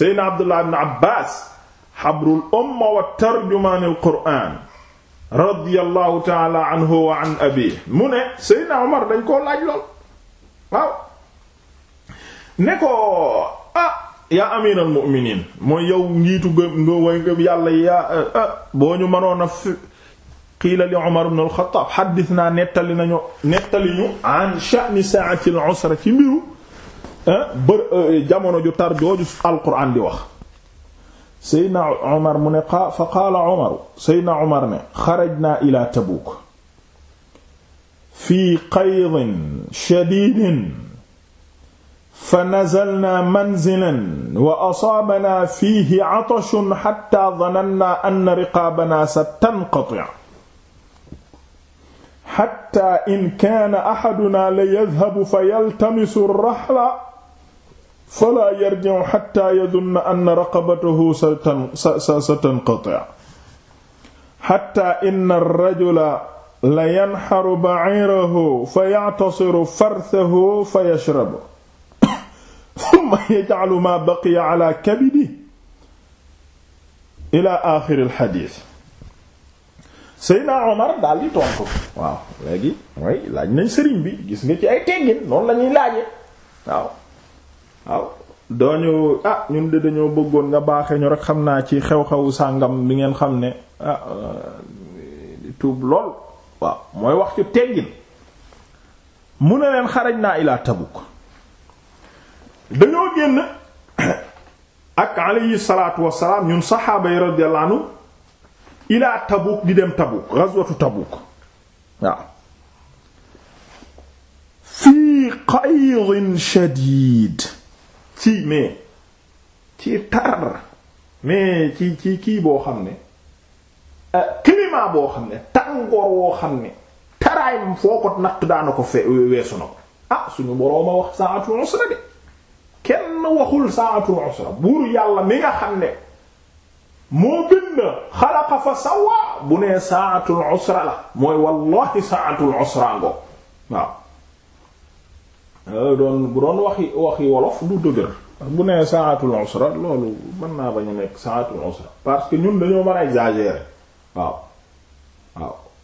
seydna abdullah ibn abbas xabrul umma wa tarjumaanil qur'aan radiyallahu taala anhu wa an abi mu ne seydna omar dañ koo laaj lool waaw ne ko ah yaa amiral mu'miniin mooy yow njiitu gëm nga way ngëm yàlla yaa ah boo ñu mënoon a fi qiila li Umar ibn al-Khattab xaddis naa nettali nañu nettali ñu an sha'ni saa'atil usra ci mbiru bër euh, jamono ju tar jooju alquran di wax seydna omar mu ne fa qaala omaru seydna omar ne xarajna ila tabuuk fi qaydin shadidin fa nazalna manzilan wa asaabana fiihi atashun xatta dananna anna riqaabana satanqati xatta in kaana axaduna la yadhabu fa yaltamisu raxla fala yarji'u hatta yadhunna anna raqabatahu satanqati' hatta inna ar-rajula la yanharu ba'irahu faya'tasiru farthahu fayashrabu thumma yaj'alu ma baqiya 'ala kabidihi ila aaxiril xadiis Seydina Omar daal di tontu waaw léegi mooy laaj nañ sëriñ bi gis nga ci ay teggin noonu la ñuy laaje waaw waaw dooñu ah ñun de dañoo bëggoon nga baaxee ñu rek xam naa ci xew-xewu sàngam bi ngeen xam ne ah tuub lool waaw mooy wax ci teggin mu ne leen xaraj naa ilaa Tabuk dañoo génn ak alayhi salaatu wassalaam ñun saxaaba yi radiyallahu ilaa Tabuk di dem Tabuk ghazwatu Tabuk waaw fii qaydin shadiid ci mais ci tar mais ci ci kii boo xam ne euh, climat boo xam ne tàngoor woo xam ne taraayam foo ko natt daana fe weesu na ko ah suñu borooma wax sa'atul usra de kenn waxul sa'atul usra buur yàlla mi nga xam ne moo bind xalaqa fa sawaa bu ne sa'atul usra la mooy wallahi sa'atul usra ngoo Euh, doon bu doon waxi waxi wolof du dëgër bu nee saatul usra loolu mën naa bañ nekk saatul usra parce que ñun dañoo mën a exagérer waaw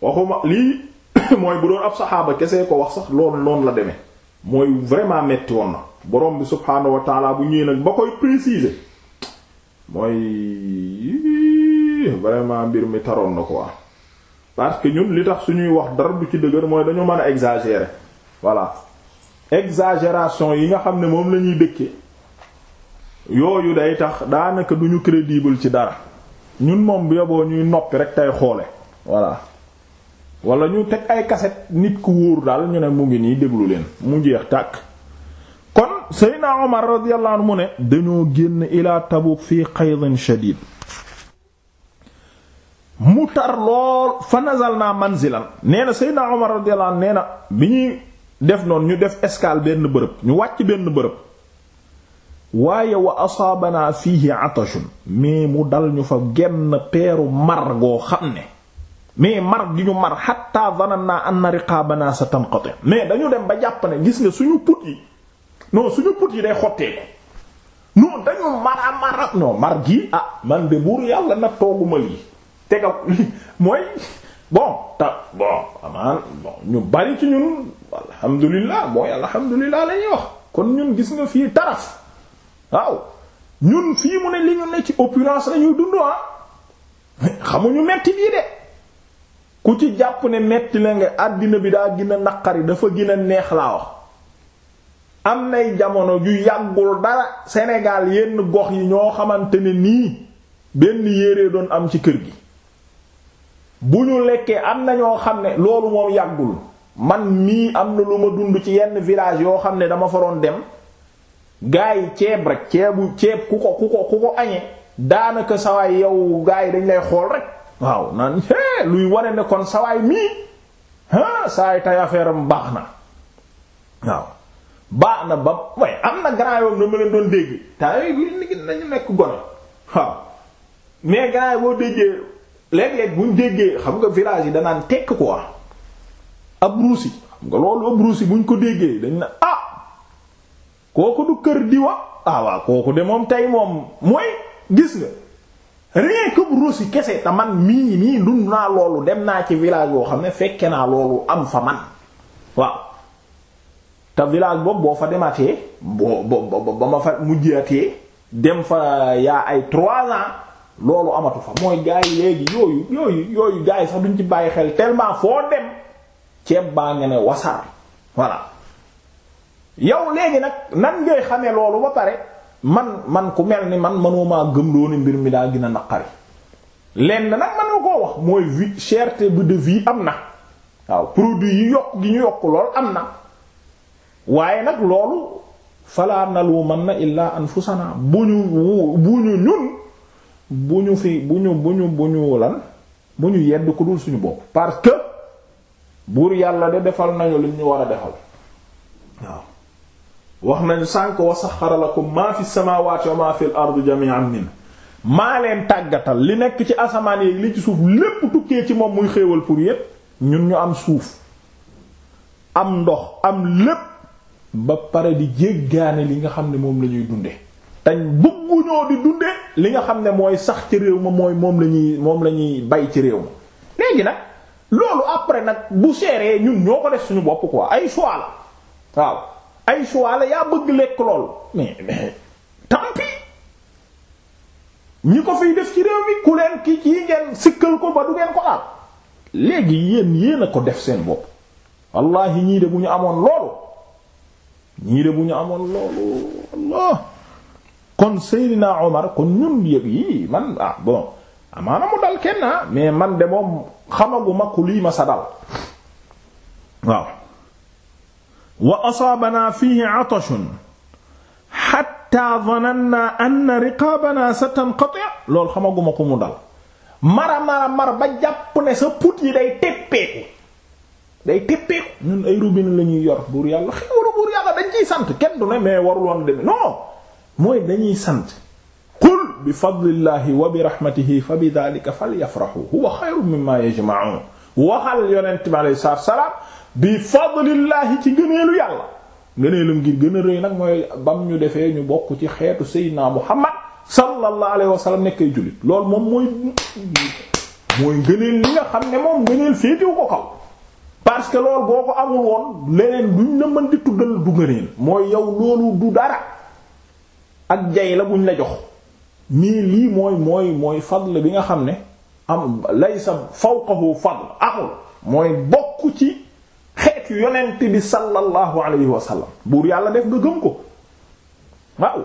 waxuma lii mooy bu doon ab saxaaba kese ko wax sax loolu noonu la demee mooy vraiment metti woon na borom bi subhaanahu wa taala bu ñëwee nag ba koy préciser mooy vraiment mbir mi taroon na quoi parce que ñun li tax su ñuy wax dara du ci dëgër mooy dañoo mën a exagérer voilà exagération yi nga xam ne moom lañuy ñuy dëkke yooyu day tax daanaka duñu ñu crédible ci dara ñun moom yoboo ñuy noppi rek tey xoole voilà wala ñu teg ay kaset nit ku wóor daal ñu ne mu ngi nii déglu leen mu jeex tàkk kon Seydina Omar radiyallahu anhu mu ne dañoo génn ilaa Tabuk fii qaydin shadid mu tar lool fa nazal naa manzilan nee na Seydina Omar radiyallahu anhu nee bi ñuy def noonu ñu def escale benn bërëb ñu wàcc benn bërëb waaye wa asaabanaa fiihi atashun mais mu dal ñu fa genn peeru mar goo xam ne mais mar gi ñu mar xatta dhananna anna riqaabana sa tanqati mais dañu dem ba jàpp gis nga suñu put yi non suñu put yi day xotteeku non dañu mara mara non mar gi ah man de buur yàlla na tooguma lii tegal mooy bon ta bon amaan bon ñu bari ci ñun alhamdulilah mooy alhamdulilah la wax kon ñun gis nga fii taraf waaw ñun fii mu ne li ñu ne ci opulence la ñuy dund ah xamuñu metti bii de ku ci jàpp ne metti la nga àddina bi daa gën a naqari dafa gën neex laa wax am nay jamono ju yàggul dara senegal yenn gox yi ñoo xamante ne nii benn yére doon am ci kër gi bu ñu lekkee am na ñoo xam ne loolu moom yàggul man mii am na lu ma dund ci yenn village yoo xam ne dama faroon dem gaa yi ceeb rek ceebu ceeb ku ko ku ko ku ko añee daanaka sawaay yow gaa yi dañ lay xool rek waaw naan luy wane ne kon sawaay mii ah saay tay baax na waaw baax na ba waaye am na grand yoon na leen doon dégg temps yooyu nañu nekk gone waaw mais grand boo déggee. léeg bu buñ déggee xam nga village yi danaan tekk quoi ab ruusi xam nga loolu ab ruusi buñ ko déggee dañ na ah kooku du kër diwa ah waaw kooku de moom tey moom mooy gis nga rien que ruusi kese te man mii nii dund naa loolu dem naa ci village yoo xam ne fekke naa loolu am fa man waaw te village boobu boo fa dematee boo ba ba ma fa mujjatee dem fa yaa ay trois ans. loolu amatu fa mooy gaa yi léegi yooyu yooyu yooyu gaa sax duñ ci bàyyi xel tellement foo dem ceeb baa nga ne wasaar voilà yow léegi nag nan ngay xamee loolu ba pare man man ku mel ni man manuma gëm loolu mbir mi daal gën a naqari lenn nag man nga koo wax mooy vie cherté bu de vie am na waaw produit yi yokk gi ñu yokk lool am na waaye nag loolu falaa nalu man na illaa anfusana bu ñu bu ñu ñun bu ñu fi bu ñu bu ñu bu ñu lan bu ñu yedd ku dul suñu bopp parce que buur yàlla de defal nañu lim ñu war a defal waaw wax nañu sànk wa saxxara lakum maa fi samaawaati wa maa fi al-ardi maa leen tàggatal li nekk ci asamaan yi li ci suuf lépp tukkee ci moom muy xéewal pour yépp ñun ñu am suuf am ndox am lépp ba pare di jéggaane li nga xam ne moom lañuy dunde tañ bu ñoo di dundee li nga xam ne mooy sax ci réew ma mooy moom la ñuy moom lañuy ñuy bay ci réew ma léegi nag loolu après nag bu seeree ñu ñoo ko def suñu bopp ko ay choix waaw ay choix la yaa bëgg lekk lool mais mais tant ñi ko fiy def ci réew mi ku leen kii ci ngeen sikkal ko ba du ngeen ko laal léegi yéen yéen na ko def seen bopp wallahi ñii de bu ñu amoon loolu ñii de bu ñu amoon loolu Allah kon Seydina Omar kon ñun yëg yi man ah bon amaana mu dal kenn ah mais man de moom xamaguma ku lii ma sa dal waaw wa asaabanaa fiihi atashun xamaguma ku mu dal mara mara mar ba jàpp ne sa put yi day teppeeku day teppeeku ñun ay robinet la ñuy yor buur yàlla xéwalu buur yàlla dañ ciy sant kenn du ne mais warul woon demee mooy dañuy sant qul bi fadlillahi wa bi rahmatihi fa bi dhalika falyafrahu huwa xayru mimma yajma'un waxal yonent bi alayhi salaatu salaam bi fadlillahi ci gëneelu yàlla gëneelam ngir gën a rëy nag mooy bam ñu defee ñu bokk ci xeetu sayyidina Muhammad sallallahu alayhi wa sallam nekkay jullit lool moom mooy mooy ngëneel li nga xam ne moom ngëneel féetewu ko kaw parce que loolu boo ko amul woon leneen duñ la mën di du ngëneel mooy yow loolu du dara ak jay la buñ la jox nii lii mooy mooy mooy fadl bi nga xam ne am laysa fawqahu fadl amul mooy bokk ci xeet yu yonent bi sallallahu alayhi wa buur yàlla def nga ko waaw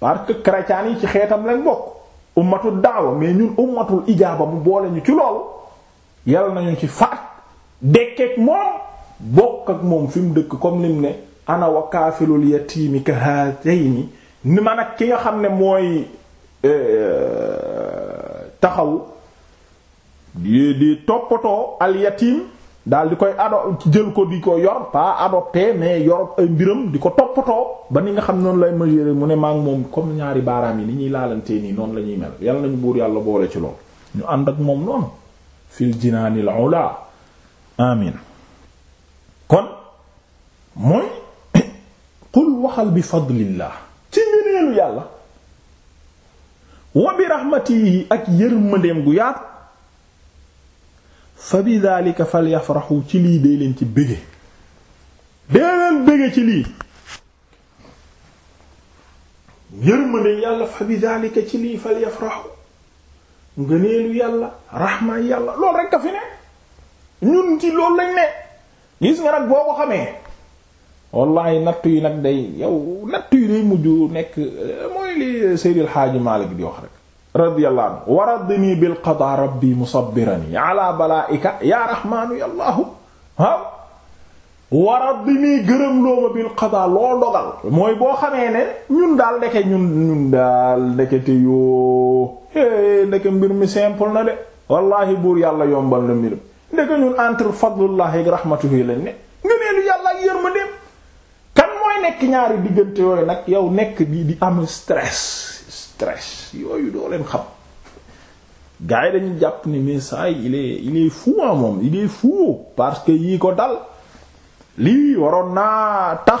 parce que chrétiens yi ci xeetam lañ bokk ummatul daawa mais ñun ummatul ijaaba mu boole ñu ci loolu yàlla nañu ci faat dekkeek moom bokk ak moom fi mu dëkk comme lim ne ana wa kaafilul yatiimi ka haatayni ni man ak ki nga xam ne mooy euh, taxaw di di toppatoo al daal di koy ado jël ko di ko yor pas adopté mais yor ay mbiram di ko toppatoo ba ni nga xam noonu lay majeur mu ne maa moom comme ñaari baaraam yi ni ñuy laalantee nii noonu la ñuy mel yàlla nañu buur yàlla boole ci lool ñu ànd ak moom noonu fi jinaanil ula amin kon mooy qul waxal bi fadlillah ngëneelu yàlla wa bi raxmatihi ak yërmandeem gu yaatu fa bi daalika falyafraxu ci lii dee leen ci bëgge dee leen bëgge ci lii yërmandeem yàlla fa bi daalika ci lii falyafraxu ngëneelu yàlla raxmaa yàlla loolu rekk a fi ne ñun ci loolu lañ ne gis nga nag boo ko xamee wallaay nattu yi nag day yow nattu yi day mujj nekk mooy li Seydil Xaaji Maalik di wax rek radiyallahu anhu waradni bil qadaa rabbi musabbirani ala bala'ika ya rahmaanu ya allahu waaw waradni gërëm looma bil qadaa loo dogal mooy boo xamee ne ñun daal ndeke ñun ñun daal ndekete yoo é ndeke mbir mi simple na de wallahi buur yàlla yombal na mbir ndeke ñun entre fadlullahi ak rahmatuhi lañ ne nekk ñaari diggante yooyu nag yow nekk di di am stress stress yooyu doo leen xam gars yi dañu jàpp ni mais ça il est il est moom il est fou parce que yii ko dal lii waroon naa tax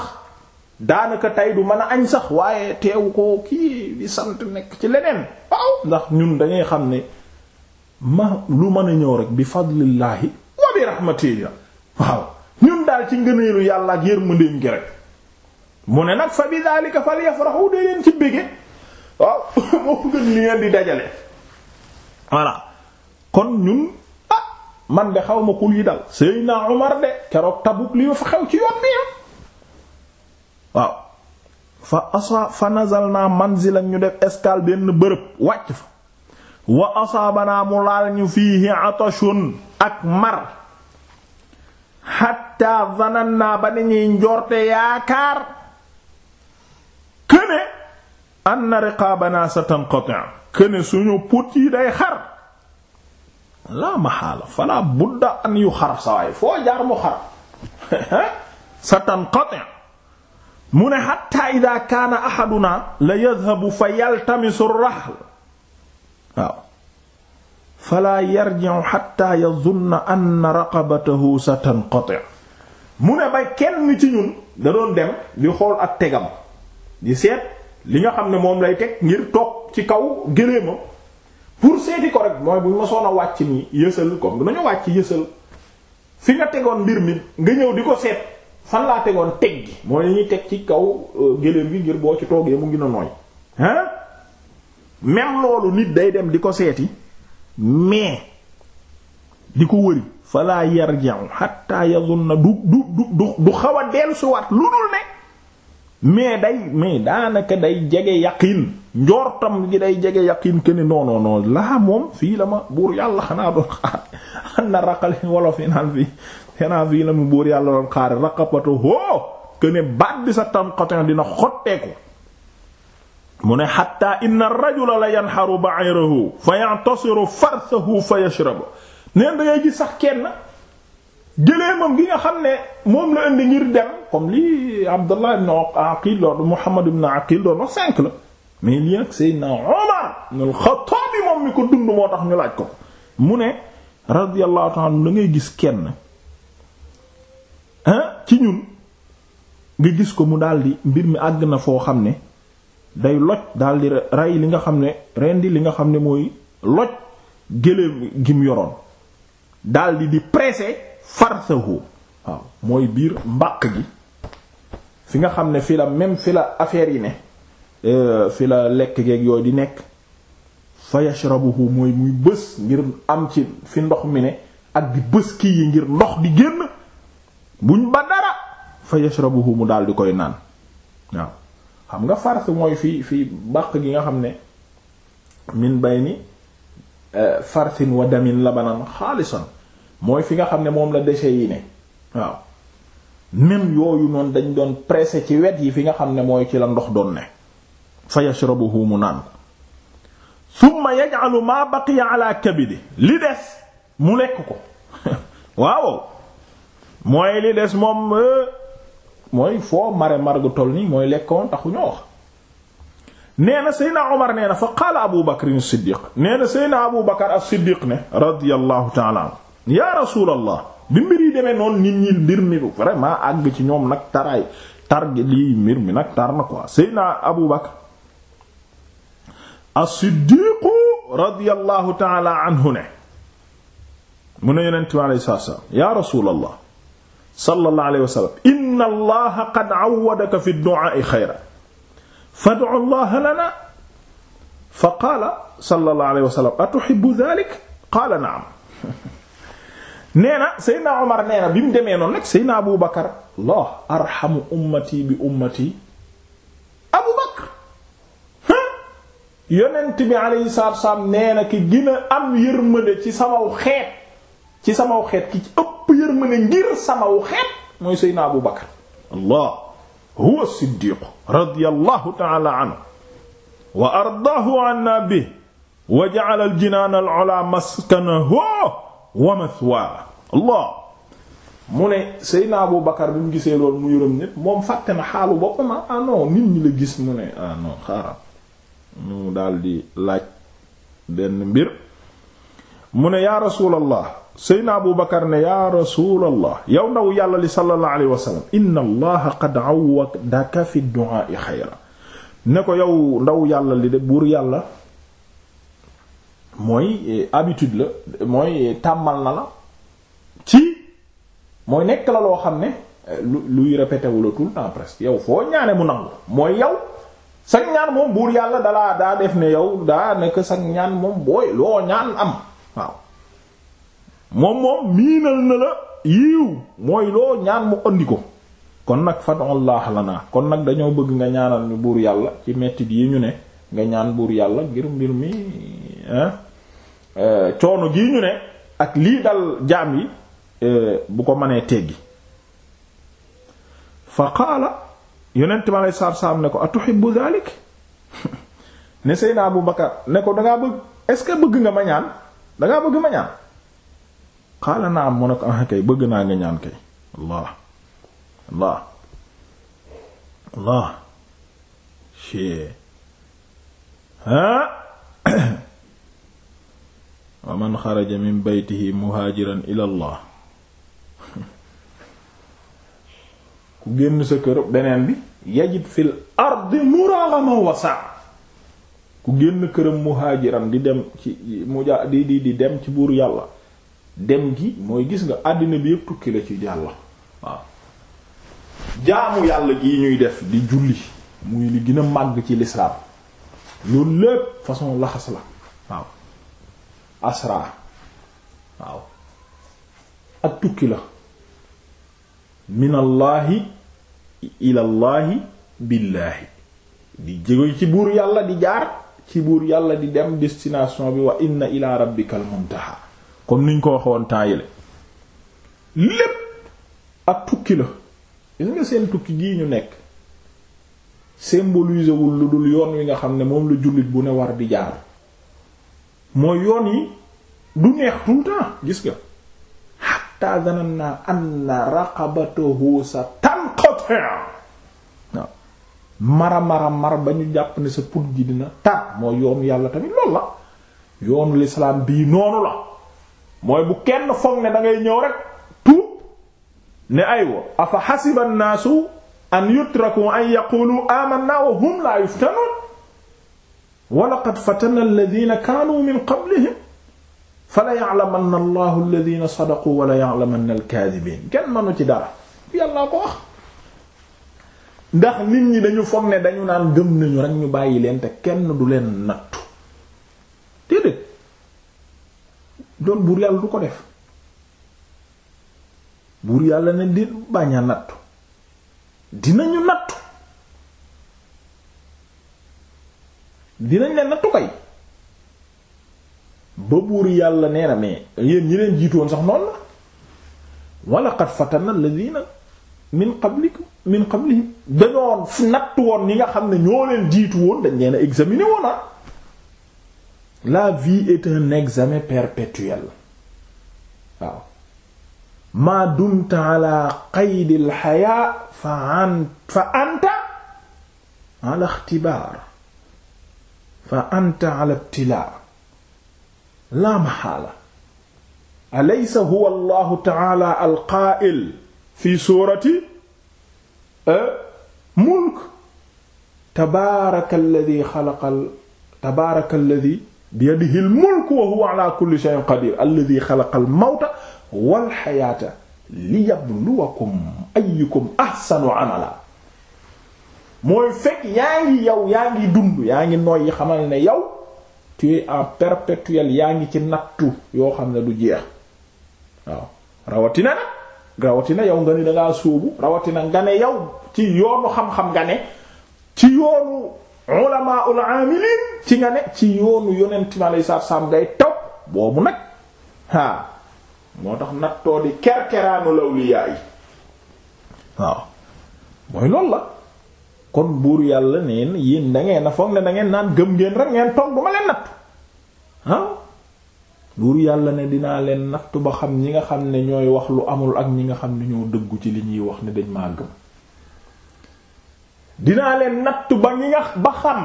daanaka tey du mën a añ sax waaye teewu ko kii di sant nekk ci leneen waaw ndax ñun dañuy xam ne ma lu mën a ñëw rek bi fadlillahi wa bi rahmatillah waaw ñun daal ci ngëneelu yàlla ak yërmandeem gi rek mu ne nag fa bi daalika falyafrahu dee leen ci bëgge waaw moo gën li ngeen di dajale voilà kon ñun ah man de xaw ma kul yi dal Seydina Umar de keroog Tabuk li fa xew ci yoon bi ah. waaw fa asa fa ñu def escale benn bërëb wàcc fa wa asaabana mu laal ñu fiihi atashun ak mar hatta zananna ba ni ñuy njorte yaakaar këne anna riqaabana satanqati' këne suñu put yi day xar laa maxaala fala budda an yu xar sawaay foo jaar mu xar satanqati' mu ne hatta idha kaana ahaduna la yadhabu fa yaltamisu ar-rahl waaw fala yarji'u hatta yadhunna anna raqabatahu satanqati' mu ne ba kenn ci ñun da doon dem di xool ak tegam di seet li nga xam ne moom lay teg ngir toog ci kaw gëléema pour seeti ko rek mooy bu ma soon a wàcc nii yësal comme dinañu wàcc yësal fi nga tegoon mbir mi nga ñëw di ko seet fan laa tegoon teg gi mooy li ñuy teg ci kaw euh, gëléem gi ngir boo ci toogee mu ngi a nooy hein même loolu nit day dem di ko seeti mais di ko wëri falaa yarji'u hatta yazunna du du du du xaw a dellusiwaat lu dul ne mais day mais daanaka day jege yaqin njortam gi day jege yaqin que ne non non laa moom fii la ma buur yàlla xanaa doon xaar an na raqale wala fi naan fii xanaa fii la mu buur yàlla doon xaar raqabatu hoo que ne bi sa tanqatin dina xotteeku. mu ne xatta inna rajula la yanxaru ba'irahu fa ya'tasiru farsahu fa yashrabu neen da ngay sax kenn. géléemam gi nga xam ne moom la indi ngir dem comme li Abdullah ibn Aqil doon Muhammad ibn Aqil doon wax la mais lii ak Seydina Omar ibn al-Khattab moom mi ko dund moo tax ñu laaj ko mu ne radiyallahu ta'ala anhu gis kenn ci ñun nga gis ko mu daldi mbir mi àgg na foo xam ne day loj daldi rey li nga xam ne rendi li nga xam ne mooy loj géléem gi mu yoroon daldi di pressé farsahu waaw mooy biir mbaq gi fi nga xam ne fi la même fi la affaire yi ne euh, fi la lekk geeg yooyu di nekk fa yashrabuhu mooy muy bës ngir am ci fi ndox mi ne ak di bës kii yi ngir ndox di génn buñ ba dara fa yashrabuhu mu daal di koy naan waaw xam nga fars mooy fii fii mbaq gi nga xam ne min bayni euh, farsin wa damin labanan xaalisan mooy fi nga xam ne moom la dese yi ne waaw même yooyu noonu dañ doon pressé ci wet yi fi nga xam ne mooy ci la ndox doon ne fa yashrabuhu mu naan ko summa yaj'alu ma baqiya ala kabidi li des mu lekk ko waaw mooy li des moom euh, mooy foo mare margu toll nii mooy lekkoon taxu ñoo wax nee na seydna omar nee na fa qaala abu bakr siddiq ne radiyallahu ta'ala yaa rasuulallah bi mbir yi demee noonu nit ñi mbir mi vraiment àgg ci ñoom nag taraay tar gi lii mbir mi nag tar na quoi Seydina Abu Bakr as-Siddiqu radiyallahu taala anhu ne mu ne yonent bi alayhi salaatu salaam yaa rasuulallah sallallahu alayhi wa sallam inna allaha qad awwadaka fi du'aa'i xayran fad'u allaha lana fa qaala sallallahu alayhi wa sallam atuhibbu dhaalika qaala na'am nee na Seydina Omar nee na bi mu demee noonu nag Seydina Abu Bakar Allah arhamu ummati bi ummati Abu Bakar yonent bi alayhi salaatu wassalaam nee na ki gën a am yërmande ci samaw xeet ci samaw xeet ki ci ëpp yërmande ngir samaw xeet mooy Seydina Abu Bakar Allah huwa siddiiqu radiyallahu ta'ala anhu wa ardaahu anna bihi wa ja'ala al-jinaan al-'ulaa maskanahu wa mathwa Allah mu ne Seydina Abu Bakar bi mu gisee loolu mu yërëm ñépp moom fàtte na xaalu boppam ah, ah non nit ñi la gis mu ne ah non xaaral mu daldi laaj benn mbir mu ne yaa rasuulallah Seydina Abu Bakar ne yaa rasuulallah yow ndaw yàlla li sallallahu alayhi wa sallam inna allaha qad awwadaka fi du'aa'i xayra ne ko yow ndaw yàlla li de buur yàlla mooy eh, habitude la mooy eh, tàmmal na la ci mooy nekk la loo xam ne eh, lu luy répété wu presque yow foo ñaane mu nangu mooy yaw sag ñaan moom buur yàlla dalaa daa def ne yow daa nekk sag ñaan moom booy loo ñaan am waaw moom moom miinal na la yiiw mooy loo ñaan mu andi ko kon nag fad'ullah lana kon nag dañoo bëgg nga ñaanal ñu buur yàlla ci métit yi ñu ne nga ñaan buur yàlla ngir mbir mi hein Euh, coono gii ñu ne ak lii dal jaam yi euh, bu ko mënee teggi fa qaala yonent ma lay saar-saam ne ko atuhibbu dhalik ne Seydina Abu Bakar ne ko dangaa bëgg est bëgg nga ma ñaan dangaa bëgg ma ñaan qaala naam mu ne ko ah kay bëgg naa nga ñaan kay allah allah allah ha wa man xaraja min beytihi muhaajiran ila ku génn sa kër beneen bi yajid fil ardi muraghama wasa ku génn këram muhaajiran di dem ci muja di di dem ci buur yàlla dem gi mooy gis nga àddina bi yëpp tukki la ci yàlla waaw jaamu yàlla gi ñuy def di julli muy li gën a màgg ci lislaam loolu lépp façon laxas la asra waaw ak tukki la minallaahi ilallaahi billaahi di jégo ci buur yàlla di jaar ci buur yàlla di dem destination bi wa inna ila rabbikal muntaha comme niñ ko waxoon temps yile lépp ak tukki la gis nga seen tukki gii ñu nekk symboliser wul lu dul yoon wi nga xam ne moom la jullit bu ne war di jaar moo yoon yi du neex tout le temps gis nga hatta zananna anna raqabatuhu sa tanqati' mara mara mar ba ñu jàpp ne sa put gi dina tar mooy yoonu yàlla tamit loolu la yoonu lislaam bii noonu la mooy bu kenn foog ne dangay ñëw rek tuub ne aywa afa xasiba annaasu an yutraku an yaqulu amanna wa hum la yuftanun walaqad fatana alladina kaanu min qablihim fala ya'lamanna allahu alladina sadaqu wala ya'lamanna alkaadibiin kenn mënu ci dara yàllaa ko wax ndax nit ñi dañu foog ne dañu naan gëm nañu rekk ñu bàyyi leen te kenn du leen nattu déedéet doon buur yàlla du ko def buur yàlla ne di bañ a nattu dinañu nattu dinañ leen nattu kay ba buur yàlla nee na mais yéen ñi leen jiitoon sax noonu la wala qad fatanna alladhina min qablikum min qablihim dañoon nattu woon ñi nga xam ne ñoo leen jiitu woon dañ leen a examiner woon ah la vie examen perpétuel waaw maa dumta ala qaydil xayaa fa anta ala ixtibaar fa anta ala ibtilaa laa maxaala alaysa huwa allahu taala alqaail fi suurati eh, mulk tabaaraka alladi xalaqal tabaaraka alladi biyadihi almulk wa huwa ala kulli shay'in qadiir alladi xalaqal mawta wal xayaata liyabluwakum ayyukum ahsanu amala mooy fekk yaa ngi yow yaa ngi dund yaa ngi noyyi xamal ne yow tu es en perpétuel yaa ngi ci nattu yoo xam ne du jeex waaw rawatina nag rawatina yow nga ne dangaa sóobu rawatina nga ne yow ci yoonu xam-xam nga ne ci yoonu ulamaul amilin ci nga ne ci yoonu yonent mi alayhi salaatu salaam ngay topp boobu nag haa moo tax nattoo di kerkeraanu lawliyaa yi waaw mooy loolu la kon buur yàlla neen yéen da a na foog ne da ngeen naan gëm ngeen rek ngeen toog du ma leen nattu buur yàlla ne dinaa leen nattu ba xam ñi nga xam ne ñooy wax lu amul ak ñi nga xam ne ñoo dëggu ci li ñuy wax ne dañ maa gëm dinaa leen nattu ba ñi nga ba xam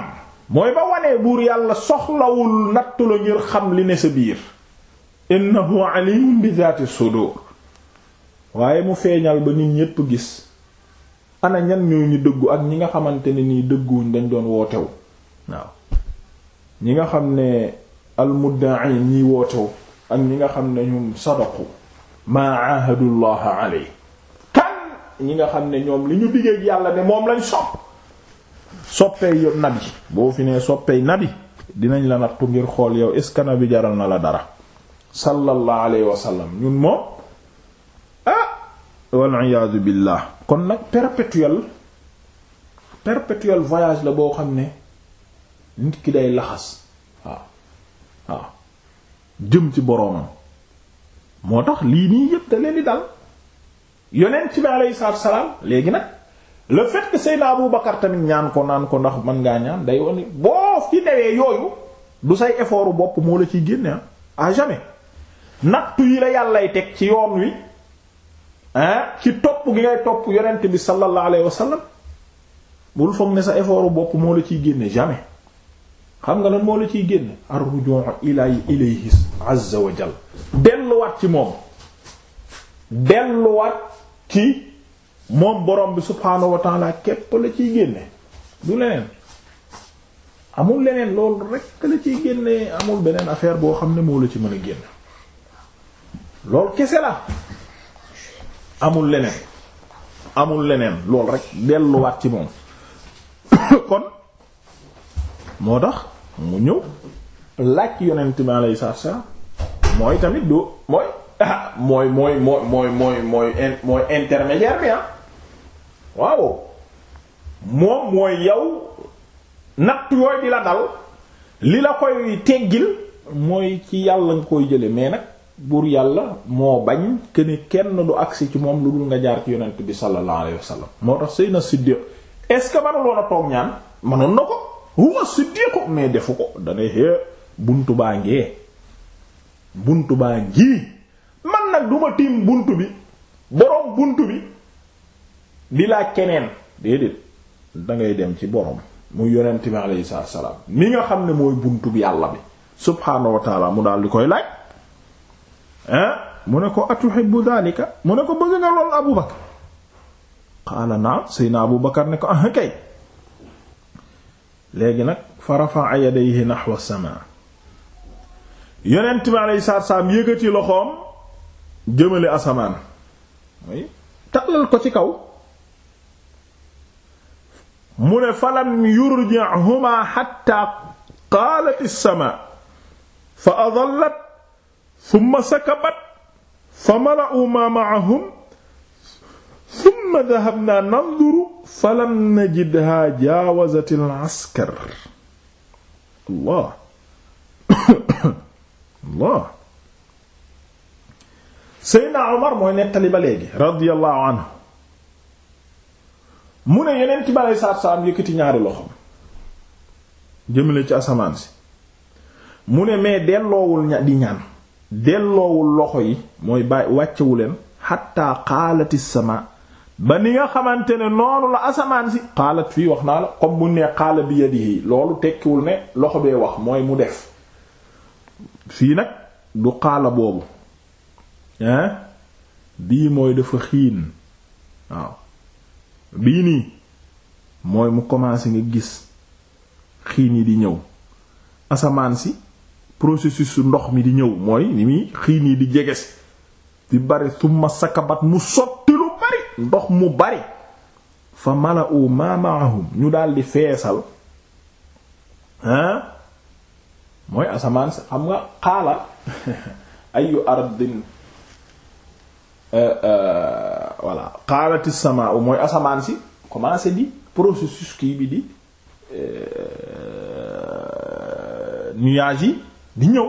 mooy ba wanee buur yàlla soxlawul nattu la ngir xam li ne sa biir innahu alimun bi zati sudur waaye mu feeñal ba nit ñépp gis ana ñan ñoo ñu dëggu ak ñi nga xamante ne nii dëgguwuñ dañ doon wootewu waaw ñi nga xam ne almudda'i ñiy wootewu ak ñi nga xam ne ñu sadaqu maa ahadullah alay kan ñi nga xam ne ñoom li ñu diggéeg yàlla ne moom lañ sopp soppey yo nabi boo fi ne soppey nabi dinañ la nattu ngir xool yow est bi jaral na la dara sallallahu alayhi ñun moom wal iyaadu billah kon nag perpétuel perpétuel voyage la boo xam ne nit ki day laxas waaw jëm ci boroomam moo tax lii nii yépp da leen di dal yonent bi aleyhi salaam léegi nag le fait que Seydina Abu Bakar tamit ñaan ko naan ko ndax mën ngaa ñaan day wone boo fi newee yooyu du say effort bopp moo la ciy génne ah à nattu yi la yàllay teg ci yoon wi ci topp gi ngay topp yonent bi sallallahu alayhi wa sallam bul foog ne sa effort bopp moo la ciy génne jamais xam nga lan moo la ciy génne ar-ruju' ila ilayhi azza wa jal delluwaat ci moom delluwaat ci moom borom bi subhaanahu wa ta'ala képp la ciy génne du leneen amul leneen loolu rekk la ciy génne amul beneen affaire boo xam ne moo la ci mën a génne loolu kese la amul leneen amul leneen loolu rek delluwaat ci moom kon moo tax mu ñëw laaj yonent bi alayhi salaam mooy tamit du mooy mooy mooy mooy mooy mooy mooy mooy intermédiaire bi ah. moom mooy yow natt yooyu di la dal li la koy teggil mooy ci yàlla nga koy jële mais nag buur yàlla moo bañ que ni kenn du agsi ci moom lu dul nga jaar ci yonent bi sallallahu alayhi wasallam moo tax Seydina Siddiq est-ce que mënuloon a toog ñaan mënoon na ko huwa Siddiq mais defu ko dane é buntu baa ngee bunt baa ngii man nag duma tiim buntu bi boroom buntu bi di laaj keneen déedéet dangay dem ci boroom mu yonent bi alayhi salaam mi nga xam ne mooy bunt bi yàlla bi subhaanahu wa mu daal di koy laaj mu ne ko atuhibbu dhalika mu ne ko bëgg nga lool Abu Bakar qaala naam sayna Abu Bakar ne ko ah kay léegi nag fa rafa'a yadayhi nahwa as-samaa yonent bi alayhi salaatu salaam yëkkati loxoom jëmale asamaan mooy ko ci kaw mu ne falam yurji'humaa hattaa qaalat as-samaa fa adallat summa sakabat fa mala'u ma ma'ahum summa dhahabna nanzuru falam najidha jaawazat léegi radiyallahu anhu mu ne yeneen ci balay saat saam yëkkati ñaari loxom jëmale ci asamaan si mu ne mais delloowul ña di ñaan delloowul loxo yi mooy bàyyi wàccewu leen xatta xaalati sama ba ni nga xamante ne noonu la asamaan si xaalat fii wax naa la comme mu ne xaala bi yadihi loolu tekkiwul ne loxo bee wax mooy mu def fii nag du xaala boobu hein bii mooy dafa xiin waaw bii nii mooy mu commencé nga gis xiin yi di ñëw asamaan si processus ndox mi di ñëw mooy ni muy xiin yi di jeges di bari summa sakabat mu sotti lu bari ndox mu bari fa mala'u ma ma'ahum ñu daal di feesal ah mooy asamaan sa xam nga xaala ayu ardin euh, euh, voilà xaalati samaa'u mooy asamaan si commencé di processus kii bi di euh, nuages yi di ñëw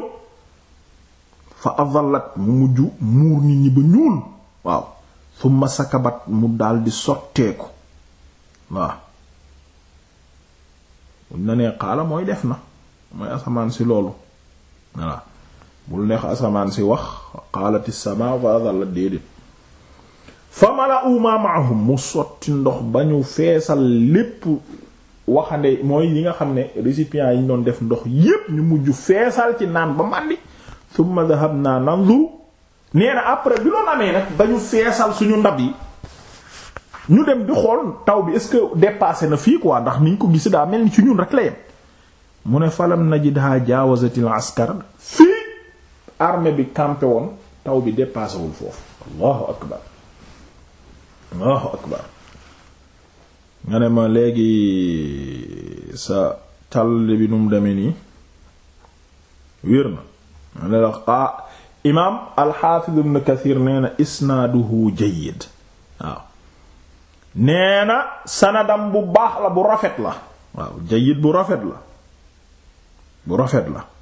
fa adallat mu mujj muur nit ñi ñuul waaw summa sakabat mu daldi sotteeku waaw buñ na mooy def na mooy asamaan si loolu waaw bul neex asamaan si wax xaalati sama fa adallat déedéet fa mala uma maahum mu sotti ndox ba ñu feesal lépp waxande mooy yi nga xam ne récipients yi ñu doon def ndox yépp ñu mujj feesal ci naan ba màndi thumma dhahabna nanzuru nee na après bi loolu amee nag ba feesal suñu ndab yi ñu dem di xool taw bi est-ce que dépassé na fii quoi ndax niñ ko gis daa mel ni ci ñun rek la yem mu ne falam najidha jaawazatil askar fii armée bi campé woon taw bi dépassé wul foofu allahu akbar allahu akbar nga ne ma léegi sa tàll bi nu mu demee nii wér na ma ne la ah imaam alxaafiz ibn kathir nee na isnaaduhu jayyid waaw nee sanadam bu baax la bu rafet la waaw jayyid bu rafet la bu rafet la